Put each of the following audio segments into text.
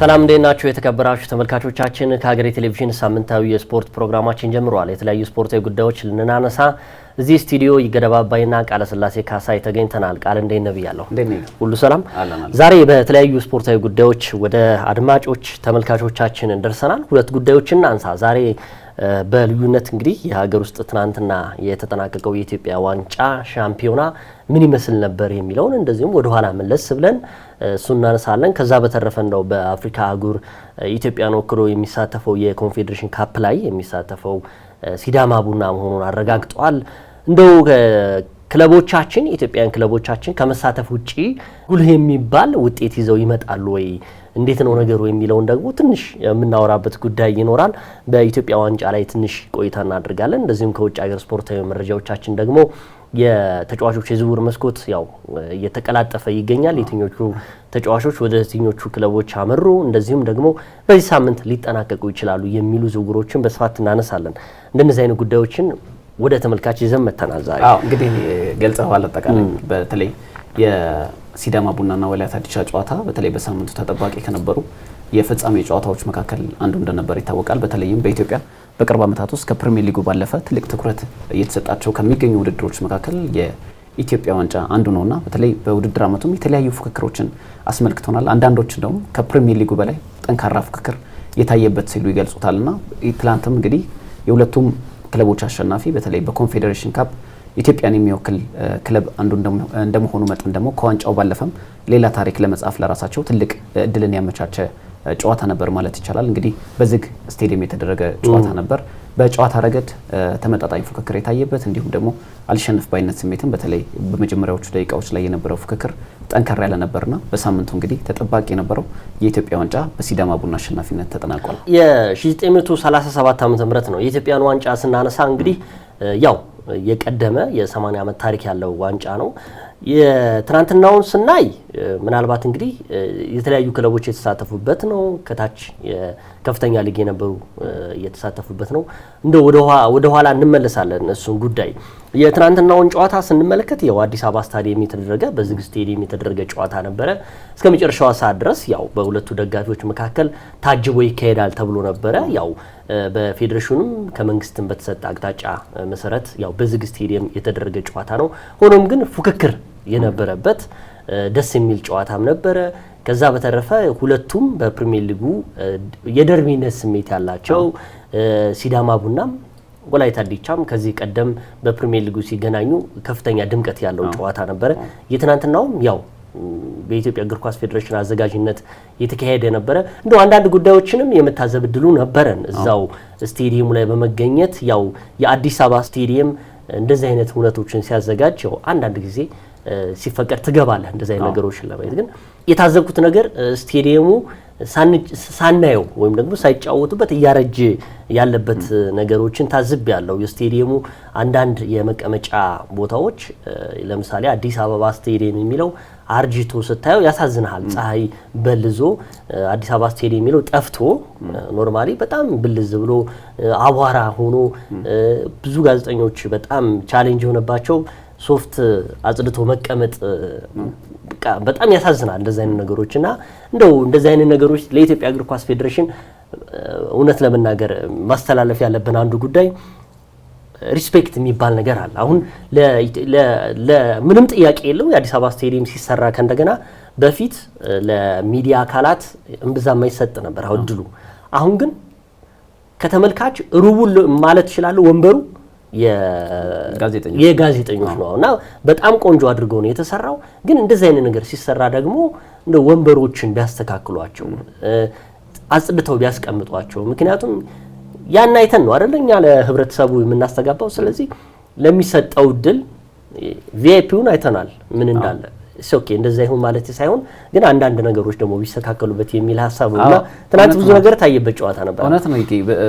ሰላም እንዴት ናችሁ? የተከበራችሁ ተመልካቾቻችን ከሀገሬ ቴሌቪዥን ሳምንታዊ የስፖርት ፕሮግራማችን ጀምሯል። የተለያዩ ስፖርታዊ ጉዳዮች ልናነሳ እዚህ ስቱዲዮ ይገደባባይና አባይና ቃለ ስላሴ ካሳይ ተገኝተናል። ቃል እንዴት ነህ ብያለሁ። ሁሉ ሰላም። ዛሬ በተለያዩ ስፖርታዊ ጉዳዮች ወደ አድማጮች ተመልካቾቻችን ደርሰናል። ሁለት ጉዳዮችን እናንሳ ዛሬ በልዩነት እንግዲህ የሀገር ውስጥ ትናንትና የተጠናቀቀው የኢትዮጵያ ዋንጫ ሻምፒዮና ምን ይመስል ነበር የሚለውን እንደዚሁም ወደኋላ መለስ ብለን እሱ እናነሳለን። ከዛ በተረፈ እንደው በአፍሪካ አህጉር ኢትዮጵያን ወክሎ የሚሳተፈው የኮንፌዴሬሽን ካፕ ላይ የሚሳተፈው ሲዳማ ቡና መሆኑን አረጋግጧል። እንደው ክለቦቻችን ኢትዮጵያውያን ክለቦቻችን ከመሳተፍ ውጪ ጉልህ የሚባል ውጤት ይዘው ይመጣሉ ወይ እንዴት ነው ነገሩ የሚለውን ደግሞ ትንሽ የምናወራበት ጉዳይ ይኖራል። በኢትዮጵያ ዋንጫ ላይ ትንሽ ቆይታ እናደርጋለን። እንደዚሁም ከውጭ ሀገር ስፖርታዊ መረጃዎቻችን ደግሞ የተጫዋቾች የዝውውር መስኮት ያው እየተቀላጠፈ ይገኛል። የትኞቹ ተጫዋቾች ወደ የትኞቹ ክለቦች አመሩ፣ እንደዚሁም ደግሞ በዚህ ሳምንት ሊጠናቀቁ ይችላሉ የሚሉ ዝውውሮችን በስፋት እናነሳለን። እንደነዚህ አይነት ጉዳዮችን ወደ ተመልካች ይዘን መተናል ዛሬ። አዎ እንግዲህ ገልጸዋል። አጠቃላይ በተለይ የሲዳማ ቡናና ወላይታ ዲቻ ጨዋታ በተለይ በሳምንቱ ተጠባቂ ከነበሩ የፍጻሜ ጨዋታዎች መካከል አንዱ እንደነበር ይታወቃል። በተለይም በኢትዮጵያ በቅርብ ዓመታት ውስጥ ከፕሪሚየር ሊጉ ባለፈ ትልቅ ትኩረት እየተሰጣቸው ከሚገኙ ውድድሮች መካከል የኢትዮጵያ ዋንጫ አንዱ ነውና በተለይ በውድድር ዓመቱም የተለያዩ ፉክክሮችን አስመልክቶናል። አንዳንዶች ደግሞ ከፕሪሚየር ሊጉ በላይ ጠንካራ ፉክክር የታየበት ሲሉ ይገልጹታልና ትላንትም እንግዲህ የሁለቱም ክለቦች አሸናፊ በተለይ በኮንፌዴሬሽን ካፕ ኢትዮጵያን የሚወክል ክለብ አንዱ እንደመሆኑ መጠን ደግሞ ከዋንጫው ባለፈም ሌላ ታሪክ ለመጻፍ ለራሳቸው ትልቅ እድልን ያመቻቸ ጨዋታ ነበር ማለት ይቻላል። እንግዲህ በዝግ ስቴዲየም የተደረገ ጨዋታ ነበር። በጨዋታ ረገድ ተመጣጣኝ ፉክክር የታየበት እንዲሁም ደግሞ አልሸነፍ ባይነት ስሜትም በተለይ በመጀመሪያዎቹ ደቂቃዎች ላይ የነበረው ፉክክር ጠንከር ያለ ነበርና በሳምንቱ እንግዲህ ተጠባቂ የነበረው የኢትዮጵያ ዋንጫ በሲዳማ ቡና አሸናፊነት ተጠናቋል። የ1937 ዓ ም ነው የኢትዮጵያን ዋንጫ ስናነሳ እንግዲህ ያው የቀደመ የ80 ዓመት ታሪክ ያለው ዋንጫ ነው። የትናንትናውን ስናይ ምናልባት እንግዲህ የተለያዩ ክለቦች የተሳተፉበት ነው። ከታች ከፍተኛ ሊግ የነበሩ እየተሳተፉበት ነው። እንደ ወደ ኋላ እንመለሳለን እሱን ጉዳይ። የትናንትናውን ጨዋታ ስንመለከት ያው አዲስ አበባ ስታዲየም የተደረገ በዝግ ስቴዲየም የተደረገ ጨዋታ ነበረ። እስከ መጨረሻዋ ሰዓት ድረስ ያው በሁለቱ ደጋፊዎች መካከል ታጅቦ ይካሄዳል ተብሎ ነበረ። ያው በፌዴሬሽኑም ከመንግስትም በተሰጠ አቅጣጫ መሰረት ያው በዝግ ስቴዲየም የተደረገ ጨዋታ ነው። ሆኖም ግን ፉክክር የነበረበት ደስ የሚል ጨዋታም ነበረ። ከዛ በተረፈ ሁለቱም በፕሪሚየር ሊጉ የደርቢነት ስሜት ያላቸው ሲዳማ ቡናም ወላይታ ዲቻም ከዚህ ቀደም በፕሪሚየር ሊጉ ሲገናኙ ከፍተኛ ድምቀት ያለው ጨዋታ ነበረ። የትናንትናውም ያው በኢትዮጵያ እግር ኳስ ፌዴሬሽን አዘጋጅነት የተካሄደ ነበረ። እንደው አንዳንድ ጉዳዮችንም የመታዘብ እድሉ ነበረን እዛው ስቴዲየሙ ላይ በመገኘት ያው የአዲስ አበባ ስቴዲየም እንደዚህ አይነት እውነቶችን ሲያዘጋጅ ያው አንዳንድ ጊዜ ሲፈቀድ ትገባለህ። እንደዚ አይነት ነገሮች ለማየት ግን የታዘብኩት ነገር ስቴዲየሙ ሳናየው ወይም ደግሞ ሳይጫወቱበት እያረጀ ያለበት ነገሮችን ታዝብ ያለው የስቴዲየሙ አንዳንድ የመቀመጫ ቦታዎች ለምሳሌ አዲስ አበባ ስቴዲየም የሚለው አርጅቶ ስታየው ያሳዝናል። ፀሐይ በልዞ አዲስ አበባ ስቴዲየም የሚለው ጠፍቶ ኖርማሊ በጣም ብልዝ ብሎ አቧራ ሆኖ ብዙ ጋዜጠኞች በጣም ቻሌንጅ የሆነባቸው ሶፍት አጽድቶ መቀመጥ በጣም ያሳዝናል። እንደዚህ አይነት ነገሮች እና እንደው እንደዚህ አይነት ነገሮች ለኢትዮጵያ እግር ኳስ ፌዴሬሽን እውነት ለመናገር ማስተላለፍ ያለብን አንዱ ጉዳይ ሪስፔክት የሚባል ነገር አለ። አሁን ለምንም ጥያቄ የለው የአዲስ አበባ ስቴዲየም ሲሰራ ከእንደገና በፊት ለሚዲያ አካላት እምብዛም አይሰጥ ነበር እድሉ። አሁን ግን ከተመልካች ሩቡ ማለት ይችላል ወንበሩ የጋዜጠኞች ነው እና በጣም ቆንጆ አድርጎ ነው የተሰራው። ግን እንደዚህ አይነት ነገር ሲሰራ ደግሞ እንደ ወንበሮችን ቢያስተካክሏቸው አጽድተው ቢያስቀምጧቸው። ምክንያቱም ያን አይተን ነው አደለ እኛ ለህብረተሰቡ የምናስተጋባው። ስለዚህ ለሚሰጠው እድል ቪአይፒውን አይተናል ምን እንዳለ ኦኬ እንደዛ ይሁን ማለት ሳይሆን ግን አንዳንድ ነገሮች ደግሞ ቢስተካከሉበት የሚል ሀሳብ ነውና ትናንት ብዙ ነገር ታየበት ጨዋታ ነበር። እውነት ነው።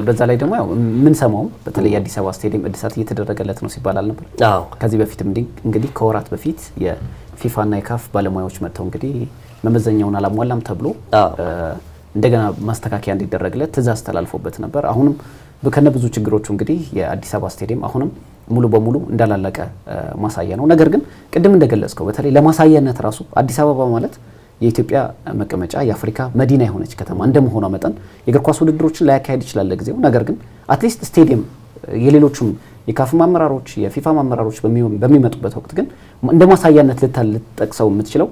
በዛ ላይ ደግሞ ያው የምንሰማውም በተለይ አዲስ አበባ ስቴዲየም እድሳት እየተደረገለት ነው ሲባል አልነበር? ከዚህ በፊትም እንግዲህ ከወራት በፊት የፊፋና የካፍ ባለሙያዎች መጥተው እንግዲህ መመዘኛውን አላሟላም ተብሎ እንደገና ማስተካከያ እንዲደረግለት ትዕዛዝ ተላልፎበት ነበር። አሁንም ከነ ብዙ ችግሮቹ እንግዲህ የአዲስ አበባ ስቴዲየም አሁንም ሙሉ በሙሉ እንዳላለቀ ማሳያ ነው። ነገር ግን ቅድም እንደገለጽከው በተለይ ለማሳያነት ራሱ አዲስ አበባ ማለት የኢትዮጵያ መቀመጫ የአፍሪካ መዲና የሆነች ከተማ እንደመሆኗ መጠን የእግር ኳስ ውድድሮችን ላያካሄድ ይችላል ለጊዜው። ነገር ግን አትሊስት ስቴዲየም የሌሎቹም የካፍ አመራሮች የፊፋ አመራሮች በሚመጡበት ወቅት ግን እንደ ማሳያነት ልትጠቅሰው የምትችለው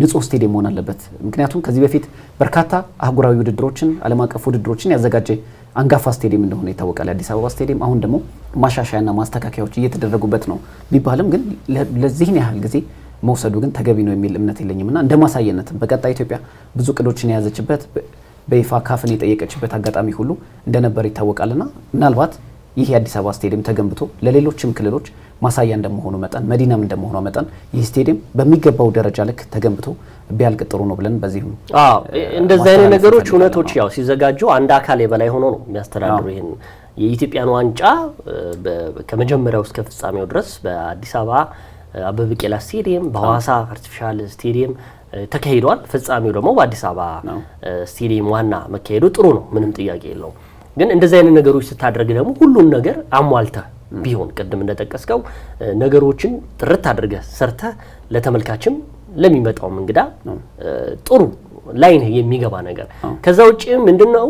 ንጹህ ስቴዲየም መሆን አለበት። ምክንያቱም ከዚህ በፊት በርካታ አህጉራዊ ውድድሮችን ዓለም አቀፍ ውድድሮችን ያዘጋጀ አንጋፋ ስቴዲየም እንደሆነ ይታወቃል የአዲስ አበባ ስቴዲየም። አሁን ደግሞ ማሻሻያና ማስተካከያዎች እየተደረጉበት ነው ቢባልም ግን ለዚህን ያህል ጊዜ መውሰዱ ግን ተገቢ ነው የሚል እምነት የለኝም እና እንደ ማሳየነት በቀጣይ ኢትዮጵያ ብዙ ቅዶችን የያዘችበት በይፋ ካፍን የጠየቀችበት አጋጣሚ ሁሉ እንደነበር ይታወቃልና ምናልባት ይህ የአዲስ አበባ ስቴዲየም ተገንብቶ ለሌሎችም ክልሎች ማሳያ እንደመሆኑ መጠን መዲናም እንደመሆኗ መጠን ይህ ስቴዲየም በሚገባው ደረጃ ልክ ተገንብቶ ቢያልቅ ጥሩ ነው ብለን በዚህ እንደዚህ አይነት ነገሮች እውነቶች ያው ሲዘጋጁ አንድ አካል የበላይ ሆኖ ነው የሚያስተዳድሩ። ይህን የኢትዮጵያን ዋንጫ ከመጀመሪያው እስከ ፍጻሜው ድረስ በአዲስ አበባ አበበ ቢቂላ ስቴዲየም፣ በሐዋሳ አርቲፊሻል ስቴዲየም ተካሂዷል። ፍጻሜው ደግሞ በአዲስ አበባ ስቴዲየም ዋና መካሄዱ ጥሩ ነው፣ ምንም ጥያቄ የለው። ግን እንደዚህ አይነት ነገሮች ስታደርግ ደግሞ ሁሉን ነገር አሟልተ ቢሆን ቅድም እንደጠቀስከው ነገሮችን ጥርት አድርገህ ሰርተህ ለተመልካችም ለሚመጣውም እንግዳ ጥሩ ላይ የሚገባ ነገር። ከዛ ውጭ ምንድነው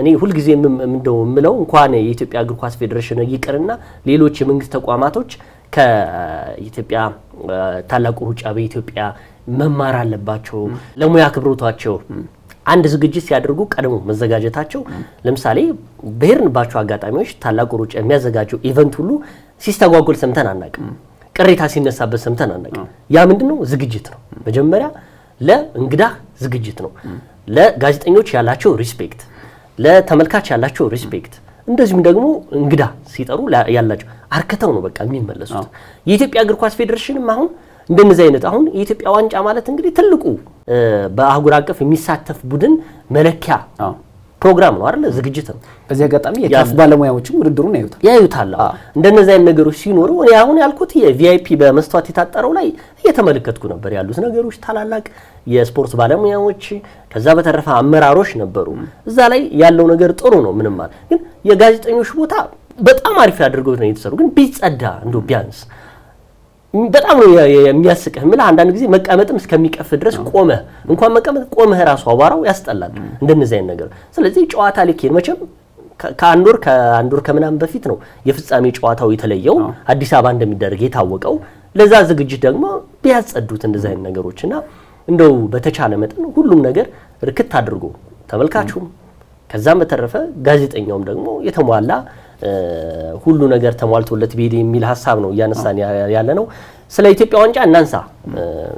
እኔ ሁልጊዜ እንደው የምለው እንኳን የኢትዮጵያ እግር ኳስ ፌዴሬሽን ይቅርና ሌሎች የመንግስት ተቋማቶች ከኢትዮጵያ ታላቁ ሩጫ በኢትዮጵያ መማር አለባቸው። ለሙያ ክብሮታቸው አንድ ዝግጅት ሲያደርጉ ቀድሞ መዘጋጀታቸው። ለምሳሌ በሄድንባቸው አጋጣሚዎች ታላቁ ሩጫ የሚያዘጋጀው ኢቨንት ሁሉ ሲስተጓጎል ሰምተን አናውቅም። ቅሬታ ሲነሳበት ሰምተን አናውቅም። ያ ምንድን ነው? ዝግጅት ነው። መጀመሪያ ለእንግዳ ዝግጅት ነው። ለጋዜጠኞች ያላቸው ሪስፔክት፣ ለተመልካች ያላቸው ሪስፔክት እንደዚሁም ደግሞ እንግዳ ሲጠሩ ያላቸው አርከተው ነው በቃ የሚመለሱት። የኢትዮጵያ እግር ኳስ ፌዴሬሽንም አሁን እንደነዚህ አይነት አሁን የኢትዮጵያ ዋንጫ ማለት እንግዲህ ትልቁ በአህጉር አቀፍ የሚሳተፍ ቡድን መለኪያ ፕሮግራም ነው አይደል? ዝግጅት ነው። በዚህ አጋጣሚ የካፍ ባለሙያዎችም ውድድሩን ያዩታል ያዩታል። እንደነዚህ አይነት ነገሮች ሲኖሩ እኔ አሁን ያልኩት የቪአይፒ በመስተዋት የታጠረው ላይ እየተመለከትኩ ነበር ያሉት ነገሮች ታላላቅ የስፖርት ባለሙያዎች ከዛ በተረፈ አመራሮች ነበሩ። እዛ ላይ ያለው ነገር ጥሩ ነው። ምንም ማለት ግን የጋዜጠኞች ቦታ በጣም አሪፍ አድርገው ነው የተሰሩ። ግን ቢጸዳ እንዶ ቢያንስ በጣም ነው የሚያስቅህ። ምል አንዳንድ ጊዜ መቀመጥም እስከሚቀፍ ድረስ ቆመህ እንኳን መቀመጥ ቆመህ ራሱ አቧራው ያስጠላል። እንደነዚህ አይነት ነገር ስለዚህ ጨዋታ ልኬን መቼም ከአንድ ወር ከአንድ ወር ከምናምን በፊት ነው የፍጻሜ ጨዋታው የተለየው አዲስ አበባ እንደሚደረግ የታወቀው። ለዛ ዝግጅት ደግሞ ቢያጸዱት እንደዚህ አይነት ነገሮች እና እንደው በተቻለ መጠን ሁሉም ነገር ርክት አድርጎ ተመልካቹም ከዛም በተረፈ ጋዜጠኛውም ደግሞ የተሟላ ሁሉ ነገር ተሟልቶለት ቢሄድ የሚል ሀሳብ ነው እያነሳን ያለ ነው። ስለ ኢትዮጵያ ዋንጫ እናንሳ።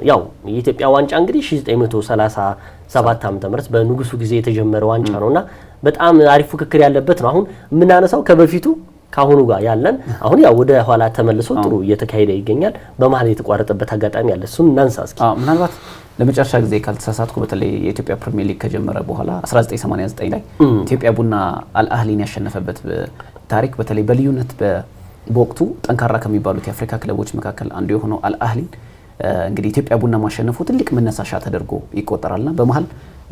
ያው የኢትዮጵያ ዋንጫ እንግዲህ 1937 ዓ.ም በንጉሱ ጊዜ የተጀመረ ዋንጫ እና በጣም አሪፍ ፉክክር ያለበት ነው። አሁን የምናነሳው ከበፊቱ ከአሁኑ ጋር ያለን አሁን ያው ወደ ኋላ ተመልሶ ጥሩ እየተካሄደ ይገኛል። በመሀል የተቋረጠበት አጋጣሚ አለ። እሱን እናንሳ እስኪ። ምናልባት ለመጨረሻ ጊዜ ካልተሳሳትኩ በተለይ የኢትዮጵያ ፕሪሚየር ሊግ ከጀመረ በኋላ 1989 ላይ ኢትዮጵያ ቡና አልአህሊን ያሸነፈበት ታሪክ በተለይ በልዩነት በወቅቱ ጠንካራ ከሚባሉት የአፍሪካ ክለቦች መካከል አንዱ የሆነው አልአህሊን እንግዲህ ኢትዮጵያ ቡና ማሸነፉ ትልቅ መነሳሻ ተደርጎ ይቆጠራልና በመሀል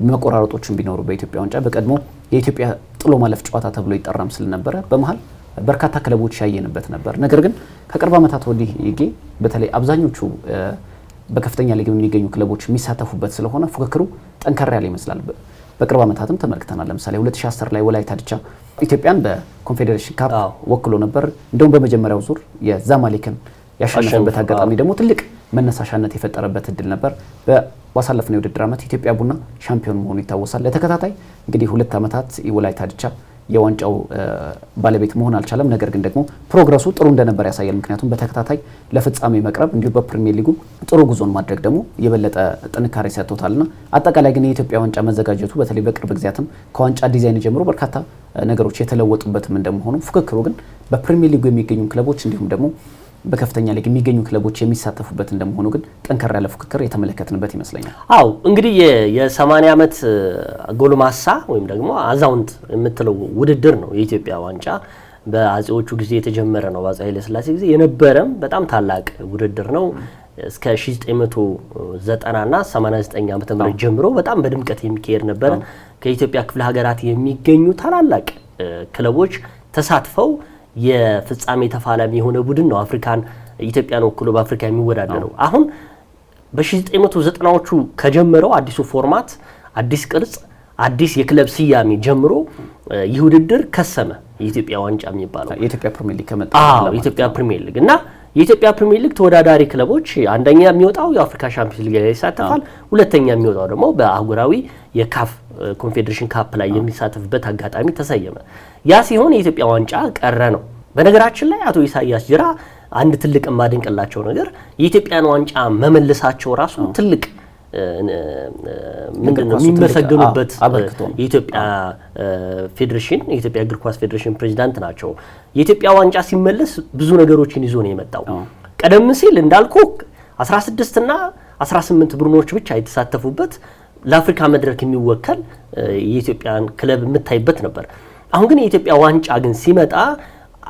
መቆራረጦቹን ቢኖሩ በኢትዮጵያ ዋንጫ በቀድሞ የኢትዮጵያ ጥሎ ማለፍ ጨዋታ ተብሎ ይጠራም ስለነበረ በመሀል በርካታ ክለቦች ያየንበት ነበር። ነገር ግን ከቅርብ ዓመታት ወዲህ ይጌ በተለይ አብዛኞቹ በከፍተኛ ሊግ የሚገኙ ክለቦች የሚሳተፉበት ስለሆነ ፉክክሩ ጠንከር ያለ ይመስላል። በቅርብ ዓመታትም ተመልክተናል። ለምሳሌ 2010 ላይ ወላይታ ድቻ ኢትዮጵያን በኮንፌዴሬሽን ካፕ ወክሎ ነበር። እንደውም በመጀመሪያው ዙር የዛማሌክን ያሸነፈበት አጋጣሚ ደግሞ ትልቅ መነሳሻነት የፈጠረበት እድል ነበር። ባሳለፍነው የውድድር ዓመት ኢትዮጵያ ቡና ሻምፒዮን መሆኑ ይታወሳል። ለተከታታይ እንግዲህ ሁለት ዓመታት የወላይታ ድቻ የዋንጫው ባለቤት መሆን አልቻለም። ነገር ግን ደግሞ ፕሮግረሱ ጥሩ እንደነበር ያሳያል። ምክንያቱም በተከታታይ ለፍጻሜ መቅረብ እንዲሁም በፕሪሚየር ሊጉ ጥሩ ጉዞን ማድረግ ደግሞ የበለጠ ጥንካሬ ሰጥቶታልና አጠቃላይ ግን የኢትዮጵያ ዋንጫ መዘጋጀቱ በተለይ በቅርብ ጊዜያትም ከዋንጫ ዲዛይን ጀምሮ በርካታ ነገሮች የተለወጡበትም እንደመሆኑ ፉክክሩ ግን በፕሪሚየር ሊጉ የሚገኙ ክለቦች እንዲሁም ደግሞ በከፍተኛ ሊግ የሚገኙ ክለቦች የሚሳተፉበት እንደመሆኑ ግን ጠንከር ያለ ፉክክር የተመለከትንበት ይመስለኛል። አው እንግዲህ የ80 ዓመት ጎልማሳ ወይም ደግሞ አዛውንት የምትለው ውድድር ነው የኢትዮጵያ ዋንጫ። በአጼዎቹ ጊዜ የተጀመረ ነው። በአጼ ኃይለ ጊዜ የነበረም በጣም ታላቅ ውድድር ነው። እስከ 1990ና 89 ዓመተ ምህረት ጀምሮ በጣም በድምቀት የሚካሄድ ነበረ። ከኢትዮጵያ ክፍለ ሀገራት የሚገኙ ታላላቅ ክለቦች ተሳትፈው የፍጻሜ ተፋላሚ የሆነ ቡድን ነው አፍሪካን ኢትዮጵያን ወክሎ በአፍሪካ የሚወዳደረው። አሁን በ1990ዎቹ ከጀመረው አዲሱ ፎርማት፣ አዲስ ቅርጽ፣ አዲስ የክለብ ስያሜ ጀምሮ ይህ ውድድር ከሰመ። የኢትዮጵያ ዋንጫ የሚባለው የኢትዮጵያ ፕሪሚየር ሊግ ከመጣ የኢትዮጵያ ፕሪሚየር ሊግ እና የኢትዮጵያ ፕሪሚየር ሊግ ተወዳዳሪ ክለቦች አንደኛ የሚወጣው የአፍሪካ ሻምፒዮንስ ሊግ ላይ ይሳተፋል። ሁለተኛ የሚወጣው ደግሞ በአህጉራዊ የካፍ ኮንፌዴሬሽን ካፕ ላይ የሚሳተፍበት አጋጣሚ ተሰየመ። ያ ሲሆን የኢትዮጵያ ዋንጫ ቀረ ነው። በነገራችን ላይ አቶ ኢሳያስ ጅራ አንድ ትልቅ የማድንቅላቸው ነገር የኢትዮጵያን ዋንጫ መመልሳቸው ራሱ ትልቅ ምንድነው የሚመሰገኑበት የኢትዮጵያ ፌዴሬሽን የኢትዮጵያ እግር ኳስ ፌዴሬሽን ፕሬዚዳንት ናቸው። የኢትዮጵያ ዋንጫ ሲመለስ ብዙ ነገሮችን ይዞ ነው የመጣው። ቀደም ሲል እንዳልኩ 16 እና 18 ቡድኖች ብቻ የተሳተፉበት ለአፍሪካ መድረክ የሚወከል የኢትዮጵያን ክለብ የምታይበት ነበር። አሁን ግን የኢትዮጵያ ዋንጫ ግን ሲመጣ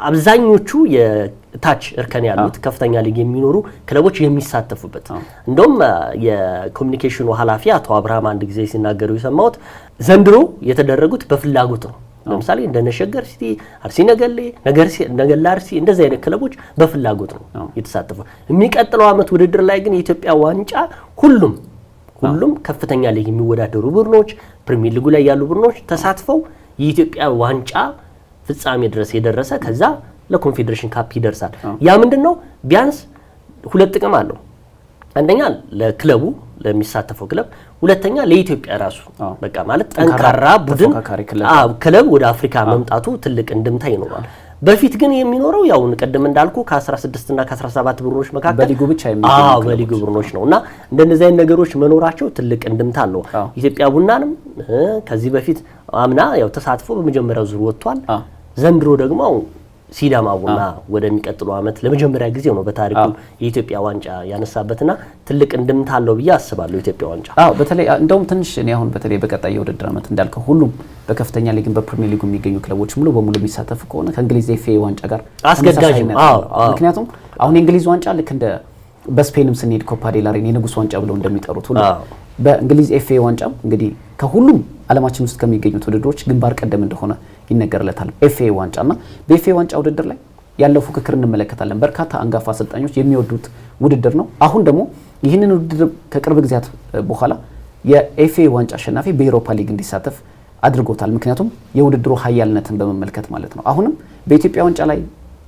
አብዛኞቹ የታች እርከን ያሉት ከፍተኛ ሊግ የሚኖሩ ክለቦች የሚሳተፉበት እንደውም የኮሚኒኬሽኑ ኃላፊ አቶ አብርሃም አንድ ጊዜ ሲናገሩ የሰማሁት ዘንድሮ የተደረጉት በፍላጎት ነው። ለምሳሌ እንደ ነሸገር ሲቲ፣ አርሲ ነገሌ፣ ነገላ አርሲ እንደዚህ አይነት ክለቦች በፍላጎት ነው የተሳተፉ። የሚቀጥለው ዓመት ውድድር ላይ ግን የኢትዮጵያ ዋንጫ ሁሉም ሁሉም ከፍተኛ ሊግ የሚወዳደሩ ቡድኖች፣ ፕሪሚየር ሊጉ ላይ ያሉ ቡድኖች ተሳትፈው የኢትዮጵያ ዋንጫ ፍጻሜ ድረስ የደረሰ ከዛ ለኮንፌዴሬሽን ካፕ ይደርሳል። ያ ምንድን ነው ቢያንስ ሁለት ጥቅም አለው። አንደኛ ለክለቡ ለሚሳተፈው ክለብ፣ ሁለተኛ ለኢትዮጵያ ራሱ በቃ ማለት ጠንካራ ቡድን ክለብ ወደ አፍሪካ መምጣቱ ትልቅ እንድምታ ይኖራል። በፊት ግን የሚኖረው ያው ቅድም እንዳልኩ ከ16 እና ከ17 ቡድኖች መካከል በሊጉ ብቻ የሚገኙ በሊጉ ቡድኖች ነው እና እንደነዚህ አይነት ነገሮች መኖራቸው ትልቅ እንድምታ ነው። ኢትዮጵያ ቡናንም ከዚህ በፊት አምና ያው ተሳትፎ በመጀመሪያው ዙር ወጥቷል። ዘንድሮ ደግሞ ሲዳማ ቡና ወደሚቀጥለው ዓመት ለመጀመሪያ ጊዜ ነው በታሪኩ የኢትዮጵያ ዋንጫ ያነሳበትና ትልቅ እንድምታ አለው ብዬ አስባለሁ። ኢትዮጵያ ዋንጫ አዎ፣ በተለይ እንደውም ትንሽ እኔ አሁን በተለይ በቀጣይ የውድድር ዓመት እንዳልከው ሁሉም በከፍተኛ ሊግን በፕሪሚየር ሊጉ የሚገኙ ክለቦች ሙሉ በሙሉ የሚሳተፉ ከሆነ ከእንግሊዝ ኤፍ ኤ ዋንጫ ጋር አስገዳጅ ነው። ምክንያቱም አሁን የእንግሊዝ ዋንጫ ልክ እንደ በስፔንም ስንሄድ ኮፓ ዴላሬን የንጉስ ዋንጫ ብለው እንደሚጠሩት ሁሉ በእንግሊዝ ኤፍ ኤ ዋንጫም እንግዲህ ከሁሉም አለማችን ውስጥ ከሚገኙት ውድድሮች ግንባር ቀደም እንደሆነ ይነገርለታል። ኤፍ ኤ ዋንጫ እና በኤፍ ኤ ዋንጫ ውድድር ላይ ያለው ፉክክር እንመለከታለን። በርካታ አንጋፋ አሰልጣኞች የሚወዱት ውድድር ነው። አሁን ደግሞ ይህንን ውድድር ከቅርብ ጊዜያት በኋላ የኤፍ ኤ ዋንጫ አሸናፊ በኤሮፓ ሊግ እንዲሳተፍ አድርጎታል። ምክንያቱም የውድድሩ ሀያልነትን በመመልከት ማለት ነው። አሁንም በኢትዮጵያ ዋንጫ ላይ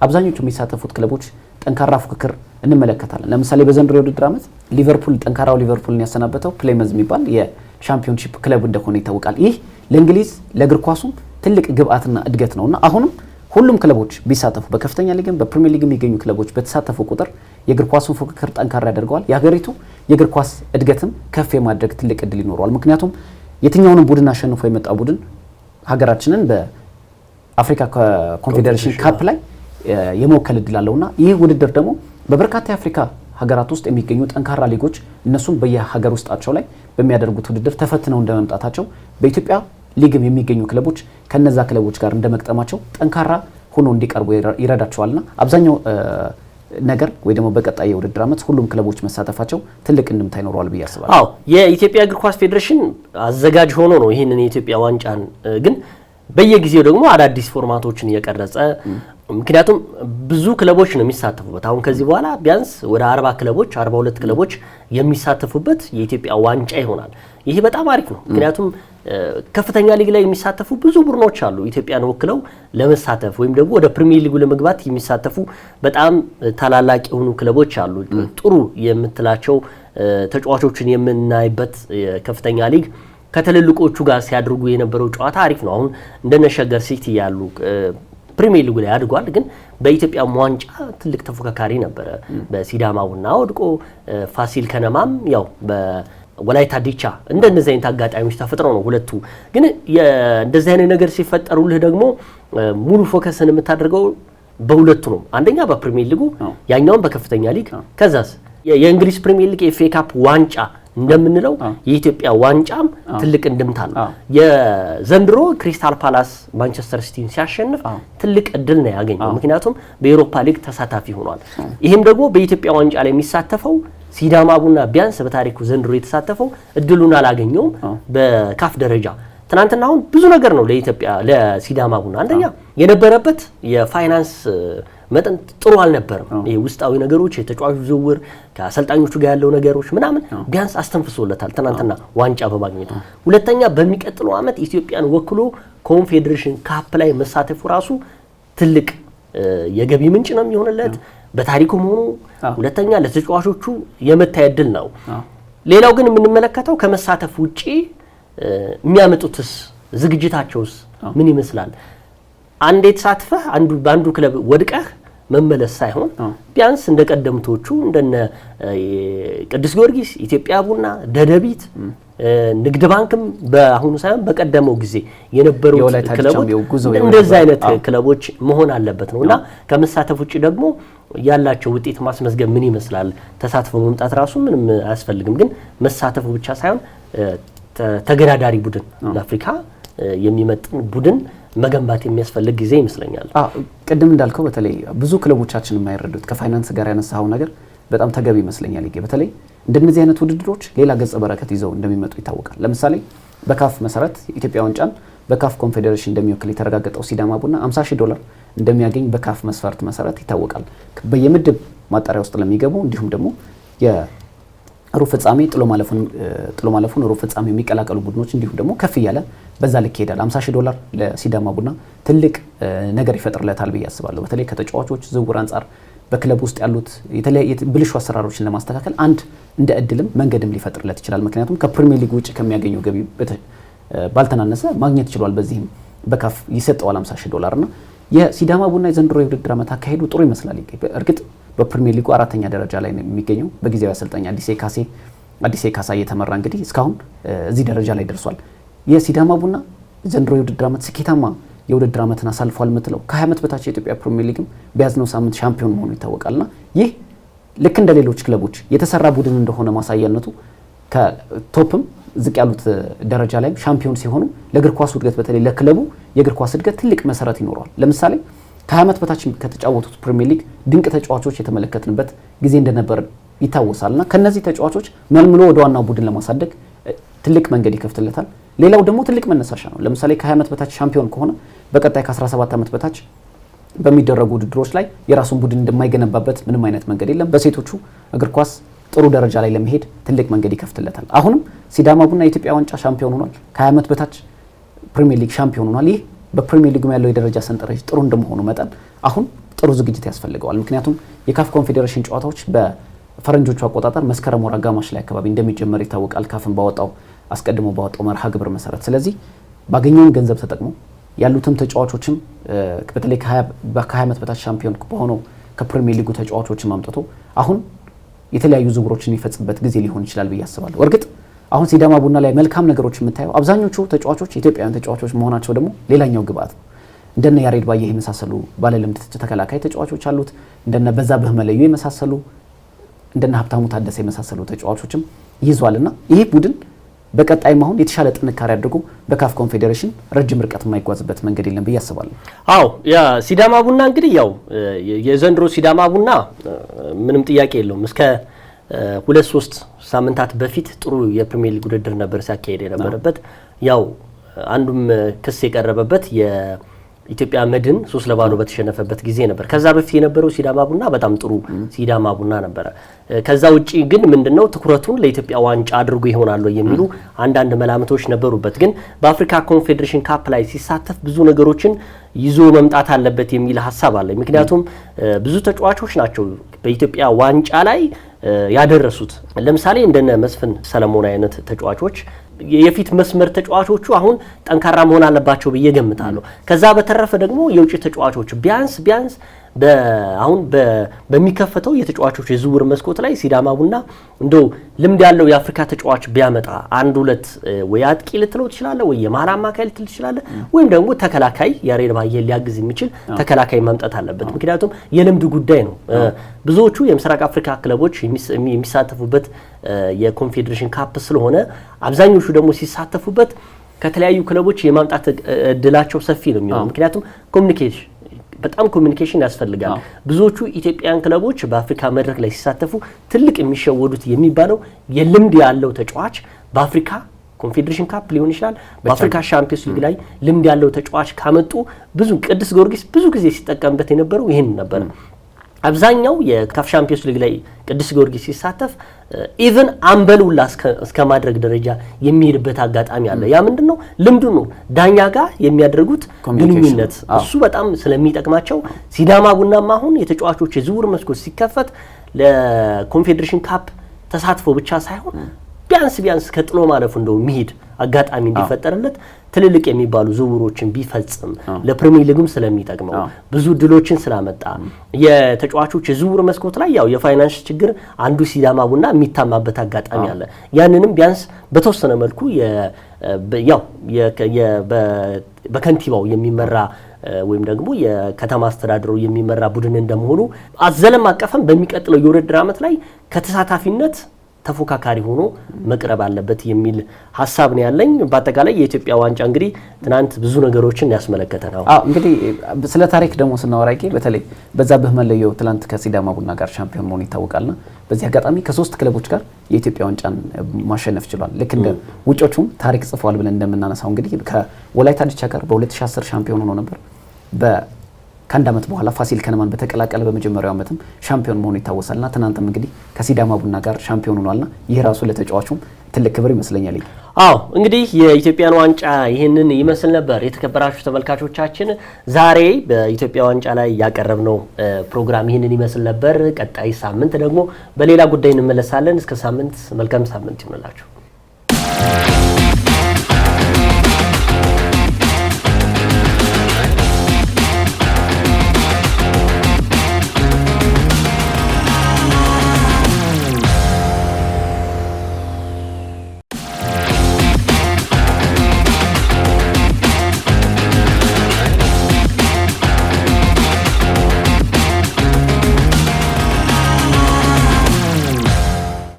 አብዛኞቹ የሚሳተፉት ክለቦች ጠንካራ ፉክክር እንመለከታለን። ለምሳሌ በዘንድሮ የውድድር ዓመት ሊቨርፑል ጠንካራው ሊቨርፑልን ያሰናበተው ፕሌመዝ የሚባል የሻምፒዮንሺፕ ክለብ እንደሆነ ይታወቃል። ይህ ለእንግሊዝ ለእግር ኳሱ ትልቅ ግብአትና እድገት ነውና አሁንም ሁሉም ክለቦች ቢሳተፉ በከፍተኛ ሊግም በፕሪሚየር ሊግ የሚገኙ ክለቦች በተሳተፉ ቁጥር የእግር ኳሱን ፉክክር ጠንካራ ያደርገዋል። የሀገሪቱ የእግር ኳስ እድገትም ከፍ የማድረግ ትልቅ እድል ይኖረዋል። ምክንያቱም የትኛውንም ቡድን አሸንፎ የመጣ ቡድን ሀገራችንን በአፍሪካ ኮንፌዴሬሽን ካፕ ላይ የመወከል እድል አለውና ይህ ውድድር ደግሞ በበርካታ የአፍሪካ ሀገራት ውስጥ የሚገኙ ጠንካራ ሊጎች እነሱም በየሀገር ውስጣቸው ላይ በሚያደርጉት ውድድር ተፈትነው እንደመምጣታቸው በኢትዮጵያ ሊግም የሚገኙ ክለቦች ከነዛ ክለቦች ጋር እንደመቅጠማቸው ጠንካራ ሆኖ እንዲቀርቡ ይረዳቸዋልና አብዛኛው ነገር ወይ ደግሞ በቀጣይ የውድድር ዓመት ሁሉም ክለቦች መሳተፋቸው ትልቅ እንድምታ ይኖረዋል ብዬ አስባለሁ። አዎ የኢትዮጵያ እግር ኳስ ፌዴሬሽን አዘጋጅ ሆኖ ነው ይህንን የኢትዮጵያ ዋንጫን ግን በየጊዜው ደግሞ አዳዲስ ፎርማቶችን እየቀረጸ ምክንያቱም ብዙ ክለቦች ነው የሚሳተፉበት። አሁን ከዚህ በኋላ ቢያንስ ወደ አርባ ክለቦች አርባ ሁለት ክለቦች የሚሳተፉበት የኢትዮጵያ ዋንጫ ይሆናል። ይሄ በጣም አሪፍ ነው። ምክንያቱም ከፍተኛ ሊግ ላይ የሚሳተፉ ብዙ ቡድኖች አሉ ኢትዮጵያን ወክለው ለመሳተፍ ወይም ደግሞ ወደ ፕሪሚየር ሊጉ ለመግባት የሚሳተፉ በጣም ታላላቅ የሆኑ ክለቦች አሉ። ጥሩ የምትላቸው ተጫዋቾችን የምናይበት ከፍተኛ ሊግ ከትልልቆቹ ጋር ሲያደርጉ የነበረው ጨዋታ አሪፍ ነው። አሁን እንደነሸገር ሲቲ ያሉ ፕሪሚየር ሊጉ ላይ አድጓል፣ ግን በኢትዮጵያ ዋንጫ ትልቅ ተፎካካሪ ነበረ። በሲዳማ ቡና ወድቆ ፋሲል ከነማም ያው ወላይታ ዲቻ እንደነዚህ አይነት አጋጣሚዎች ተፈጥረው ነው ሁለቱ። ግን እንደዚህ አይነት ነገር ሲፈጠሩልህ ደግሞ ሙሉ ፎከስን የምታደርገው በሁለቱ ነው። አንደኛ በፕሪሚየር ሊጉ፣ ያኛውን በከፍተኛ ሊግ። ከዛስ የእንግሊዝ ፕሪሚየር ሊግ ኤፍኤ ካፕ ዋንጫ እንደምንለው የኢትዮጵያ ዋንጫም ትልቅ እንድምታ ነው። የዘንድሮ ክሪስታል ፓላስ ማንቸስተር ሲቲን ሲያሸንፍ ትልቅ እድል ነው ያገኘው። ምክንያቱም በኤሮፓ ሊግ ተሳታፊ ሆኗል። ይህም ደግሞ በኢትዮጵያ ዋንጫ ላይ የሚሳተፈው ሲዳማ ቡና ቢያንስ በታሪኩ ዘንድሮ የተሳተፈው እድሉን አላገኘውም። በካፍ ደረጃ ትናንትና አሁን ብዙ ነገር ነው ለኢትዮጵያ ለሲዳማ ቡና አንደኛ የነበረበት የፋይናንስ መጠን ጥሩ አልነበርም። ይሄ ውስጣዊ ነገሮች፣ የተጫዋቹ ዝውውር፣ ከአሰልጣኞቹ ጋር ያለው ነገሮች ምናምን ቢያንስ አስተንፍሶለታል። ትናንትና ዋንጫ በማግኘቱ ሁለተኛ፣ በሚቀጥለው ዓመት ኢትዮጵያን ወክሎ ኮንፌዴሬሽን ካፕ ላይ መሳተፉ ራሱ ትልቅ የገቢ ምንጭ ነው የሚሆንለት በታሪኩ መሆኑ፣ ሁለተኛ ለተጫዋቾቹ የመታየ ነው። ሌላው ግን የምንመለከተው ከመሳተፍ ውጪ የሚያመጡትስ ዝግጅታቸውስ ምን ይመስላል? አንዴ ተሳትፈህ አንዱ በአንዱ ክለብ ወድቀህ መመለስ ሳይሆን ቢያንስ እንደ ቀደምቶቹ እንደነ ቅዱስ ጊዮርጊስ፣ ኢትዮጵያ ቡና፣ ደደቢት ንግድ ባንክም በአሁኑ ሳይሆን በቀደመው ጊዜ የነበሩት ክለቦች እንደዚህ አይነት ክለቦች መሆን አለበት ነው እና ከመሳተፍ ውጭ ደግሞ ያላቸው ውጤት ማስመዝገብ ምን ይመስላል? ተሳትፎ መምጣት ራሱ ምንም አያስፈልግም። ግን መሳተፉ ብቻ ሳይሆን ተገዳዳሪ ቡድን ለአፍሪካ የሚመጥን ቡድን መገንባት የሚያስፈልግ ጊዜ ይመስለኛል። ቅድም እንዳልከው በተለይ ብዙ ክለቦቻችን የማይረዱት ከፋይናንስ ጋር ያነሳው ነገር በጣም ተገቢ ይመስለኛል። ይሄ በተለይ እንደነዚህ አይነት ውድድሮች ሌላ ገጸ በረከት ይዘው እንደሚመጡ ይታወቃል። ለምሳሌ በካፍ መሰረት የኢትዮጵያ ዋንጫን በካፍ ኮንፌዴሬሽን እንደሚወክል የተረጋገጠው ሲዳማ ቡና 50 ሺህ ዶላር እንደሚያገኝ በካፍ መስፈርት መሰረት ይታወቃል። በየምድብ ማጣሪያ ውስጥ ለሚገቡ እንዲሁም ደግሞ ሩብ ፍጻሜ ጥሎ ማለፉን ሩብ ፍጻሜ የሚቀላቀሉ ቡድኖች እንዲሁም ደግሞ ከፍ እያለ በዛ ልክ ይሄዳል። 50 ሺህ ዶላር ለሲዳማ ቡና ትልቅ ነገር ይፈጥርለታል ብዬ አስባለሁ። በተለይ ከተጫዋቾች ዝውውር አንጻር በክለብ ውስጥ ያሉት የተለያየ ብልሹ አሰራሮችን ለማስተካከል አንድ እንደ እድልም መንገድም ሊፈጥርለት ይችላል። ምክንያቱም ከፕሪሚየር ሊግ ውጭ ከሚያገኘው ገቢ ባልተናነሰ ማግኘት ይችሏል። በዚህም በካፍ ይሰጠዋል 50 ሺህ ዶላር እና የሲዳማ ቡና የዘንድሮ የውድድር ዓመት አካሄዱ ጥሩ ይመስላል። እርግጥ በፕሪሚየር ሊጉ አራተኛ ደረጃ ላይ ነው የሚገኘው። በጊዜያዊ አሰልጣኝ አዲሴ ካሴ አዲሴ ካሳ እየተመራ እንግዲህ እስካሁን እዚህ ደረጃ ላይ ደርሷል። የሲዳማ ቡና ዘንድሮ የውድድር ዓመት ስኬታማ የውድድር ዓመትን አሳልፏል የምትለው ከ20 ዓመት በታች የኢትዮጵያ ፕሪሚየር ሊግም በያዝነው ሳምንት ሻምፒዮን መሆኑ ይታወቃልና ይህ ልክ እንደ ሌሎች ክለቦች የተሰራ ቡድን እንደሆነ ማሳያነቱ ከቶፕም ዝቅ ያሉት ደረጃ ላይም ሻምፒዮን ሲሆኑ ለእግር ኳስ እድገት በተለይ ለክለቡ የእግር ኳስ እድገት ትልቅ መሰረት ይኖረዋል። ለምሳሌ ከዓመት በታች ከተጫወቱት ፕሪሚየር ሊግ ድንቅ ተጫዋቾች የተመለከትንበት ጊዜ እንደነበር ይታወሳል እና ከነዚህ ተጫዋቾች መልምሎ ወደ ዋናው ቡድን ለማሳደግ ትልቅ መንገድ ይከፍትለታል። ሌላው ደግሞ ትልቅ መነሳሻ ነው። ለምሳሌ ከ20 ዓመት በታች ሻምፒዮን ከሆነ በቀጣይ ከ17 ዓመት በታች በሚደረጉ ውድድሮች ላይ የራሱን ቡድን እንደማይገነባበት ምንም አይነት መንገድ የለም። በሴቶቹ እግር ኳስ ጥሩ ደረጃ ላይ ለመሄድ ትልቅ መንገድ ይከፍትለታል። አሁንም ሲዳማ ቡና የኢትዮጵያ ዋንጫ ሻምፒዮን ሆኗል። ከ20 ዓመት በታች ፕሪሚየር ሊግ ሻምፒዮን ሆኗል። ይህ በፕሪሚየር ሊግ ያለው የደረጃ ሰንጠረዥ ጥሩ እንደመሆኑ መጠን አሁን ጥሩ ዝግጅት ያስፈልገዋል። ምክንያቱም የካፍ ኮንፌዴሬሽን ጨዋታዎች በፈረንጆቹ አቆጣጠር መስከረም ወር አጋማሽ ላይ አካባቢ እንደሚጀመር ይታወቃል። ካፍን ባወጣው አስቀድሞ ባወጣው መርሃ ግብር መሰረት ስለዚህ ባገኘውን ገንዘብ ተጠቅሞ ያሉትም ተጫዋቾችም በተለይ ከ20 ዓመት በታች ሻምፒዮን በሆነው ከፕሪሚየር ሊጉ ተጫዋቾችም አምጥቶ አሁን የተለያዩ ዝውውሮችን የሚፈጽምበት ጊዜ ሊሆን ይችላል ብዬ አስባለሁ። እርግጥ አሁን ሲዳማ ቡና ላይ መልካም ነገሮች የምታየው አብዛኞቹ ተጫዋቾች ኢትዮጵያውያን ተጫዋቾች መሆናቸው ደግሞ ሌላኛው ግብአት ነው። እንደነ ያሬድ ባየህ የመሳሰሉ ባለልምድ ተከላካይ ተጫዋቾች አሉት። እንደነ በዛብህ መለዩ የመሳሰሉ እንደነ ሀብታሙ ታደሰ የመሳሰሉ ተጫዋቾችም ይዟልና ይህ ቡድን በቀጣይም አሁን የተሻለ ጥንካሬ አድርጎ በካፍ ኮንፌዴሬሽን ረጅም ርቀት የማይጓዝበት መንገድ የለም ብዬ አስባለሁ። አዎ ሲዳማ ቡና እንግዲህ ያው የዘንድሮ ሲዳማ ቡና ምንም ጥያቄ የለውም እስከ ሁለት ሶስት ሳምንታት በፊት ጥሩ የፕሪሚየር ሊግ ውድድር ነበር ሲያካሄድ የነበረበት። ያው አንዱም ክስ የቀረበበት ኢትዮጵያ መድን ሶስት ለባዶ በተሸነፈበት ጊዜ ነበር። ከዛ በፊት የነበረው ሲዳማ ቡና በጣም ጥሩ ሲዳማ ቡና ነበረ። ከዛ ውጪ ግን ምንድነው ትኩረቱን ለኢትዮጵያ ዋንጫ አድርጎ ይሆናል የሚሉ አንዳንድ መላምቶች ነበሩበት። ግን በአፍሪካ ኮንፌዴሬሽን ካፕ ላይ ሲሳተፍ ብዙ ነገሮችን ይዞ መምጣት አለበት የሚል ሀሳብ አለ። ምክንያቱም ብዙ ተጫዋቾች ናቸው በኢትዮጵያ ዋንጫ ላይ ያደረሱት። ለምሳሌ እንደነ መስፍን ሰለሞን አይነት ተጫዋቾች የፊት መስመር ተጫዋቾቹ አሁን ጠንካራ መሆን አለባቸው ብዬ ገምታለሁ። ከዛ በተረፈ ደግሞ የውጭ ተጫዋቾች ቢያንስ ቢያንስ አሁን በሚከፈተው የተጫዋቾች የዝውውር መስኮት ላይ ሲዳማ ቡና እንደው ልምድ ያለው የአፍሪካ ተጫዋች ቢያመጣ አንድ ሁለት ወይ አጥቂ ልትለው ትችላለህ፣ ወይ የመሀል አማካይ ልትል ትችላለህ፣ ወይም ደግሞ ተከላካይ ያሬድ ባየ ሊያግዝ የሚችል ተከላካይ ማምጣት አለበት። ምክንያቱም የልምድ ጉዳይ ነው። ብዙዎቹ የምስራቅ አፍሪካ ክለቦች የሚሳተፉበት የኮንፌዴሬሽን ካፕ ስለሆነ አብዛኞቹ ደግሞ ሲሳተፉበት ከተለያዩ ክለቦች የማምጣት እድላቸው ሰፊ ነው የሚሆነው ምክንያቱም ኮሚኒኬሽን በጣም ኮሚኒኬሽን ያስፈልጋል። ብዙዎቹ ኢትዮጵያን ክለቦች በአፍሪካ መድረክ ላይ ሲሳተፉ ትልቅ የሚሸወዱት የሚባለው የልምድ ያለው ተጫዋች በአፍሪካ ኮንፌዴሬሽን ካፕ ሊሆን ይችላል፣ በአፍሪካ ሻምፒዮንስ ሊግ ላይ ልምድ ያለው ተጫዋች ካመጡ ብዙ ቅዱስ ጊዮርጊስ ብዙ ጊዜ ሲጠቀምበት የነበረው ይህን ነበር። አብዛኛው የካፍ ሻምፒዮንስ ሊግ ላይ ቅዱስ ጊዮርጊስ ሲሳተፍ ኢቨን አምበሉላ እስከ ማድረግ ደረጃ የሚሄድበት አጋጣሚ አለ። ያ ምንድን ነው? ልምዱ ነው። ዳኛ ጋር የሚያደርጉት ግንኙነት እሱ በጣም ስለሚጠቅማቸው ሲዳማ ቡናም አሁን የተጫዋቾች የዝውውር መስኮት ሲከፈት ለኮንፌዴሬሽን ካፕ ተሳትፎ ብቻ ሳይሆን ቢያንስ ቢያንስ ከጥሎ ማለፉ እንደው ሚሄድ አጋጣሚ እንዲፈጠርለት ትልልቅ የሚባሉ ዝውውሮችን ቢፈጽም ለፕሪሚየር ሊግም ስለሚጠቅመው ብዙ ድሎችን ስላመጣ የተጫዋቾች የዝውውር መስኮት ላይ ያው የፋይናንስ ችግር አንዱ ሲዳማ ቡና የሚታማበት አጋጣሚ አለ። ያንንም ቢያንስ በተወሰነ መልኩ ያው በከንቲባው የሚመራ ወይም ደግሞ የከተማ አስተዳደሩ የሚመራ ቡድን እንደመሆኑ አዘለም አቀፈም በሚቀጥለው የውድድር ዓመት ላይ ከተሳታፊነት ተፎካካሪ ሆኖ መቅረብ አለበት የሚል ሀሳብ ነው ያለኝ። በአጠቃላይ የኢትዮጵያ ዋንጫ እንግዲህ ትናንት ብዙ ነገሮችን ያስመለከተ ነው። እንግዲህ ስለ ታሪክ ደግሞ ስናወራ በተለይ በዛብህ መለየው ትናንት ከሲዳማ ቡና ጋር ሻምፒዮን መሆኑ ይታወቃልና በዚህ አጋጣሚ ከሶስት ክለቦች ጋር የኢትዮጵያ ዋንጫን ማሸነፍ ችሏል። ልክ እንደ ውጮቹም ታሪክ ጽፏል ብለን እንደምናነሳው እንግዲህ ከወላይታ ድቻ ጋር በ2010 ሻምፒዮን ሆኖ ነበር። ከአንድ ዓመት በኋላ ፋሲል ከነማን በተቀላቀለ በመጀመሪያው ዓመትም ሻምፒዮን መሆኑ ና ትናንትም እንግዲህ ከሲዳማ ቡና ጋር ሻምፒዮን ና ይህ ራሱ ለተጫዋቹም ትልቅ ክብር ይመስለኛል። አዎ እንግዲህ የኢትዮጵያን ዋንጫ ይህንን ይመስል ነበር። የተከበራችሁ ተመልካቾቻችን ዛሬ በኢትዮጵያ ዋንጫ ላይ ያቀረብነው ፕሮግራም ይህንን ይመስል ነበር። ቀጣይ ሳምንት ደግሞ በሌላ ጉዳይ እንመለሳለን። እስከ ሳምንት መልካም ሳምንት ይሆንላችሁ።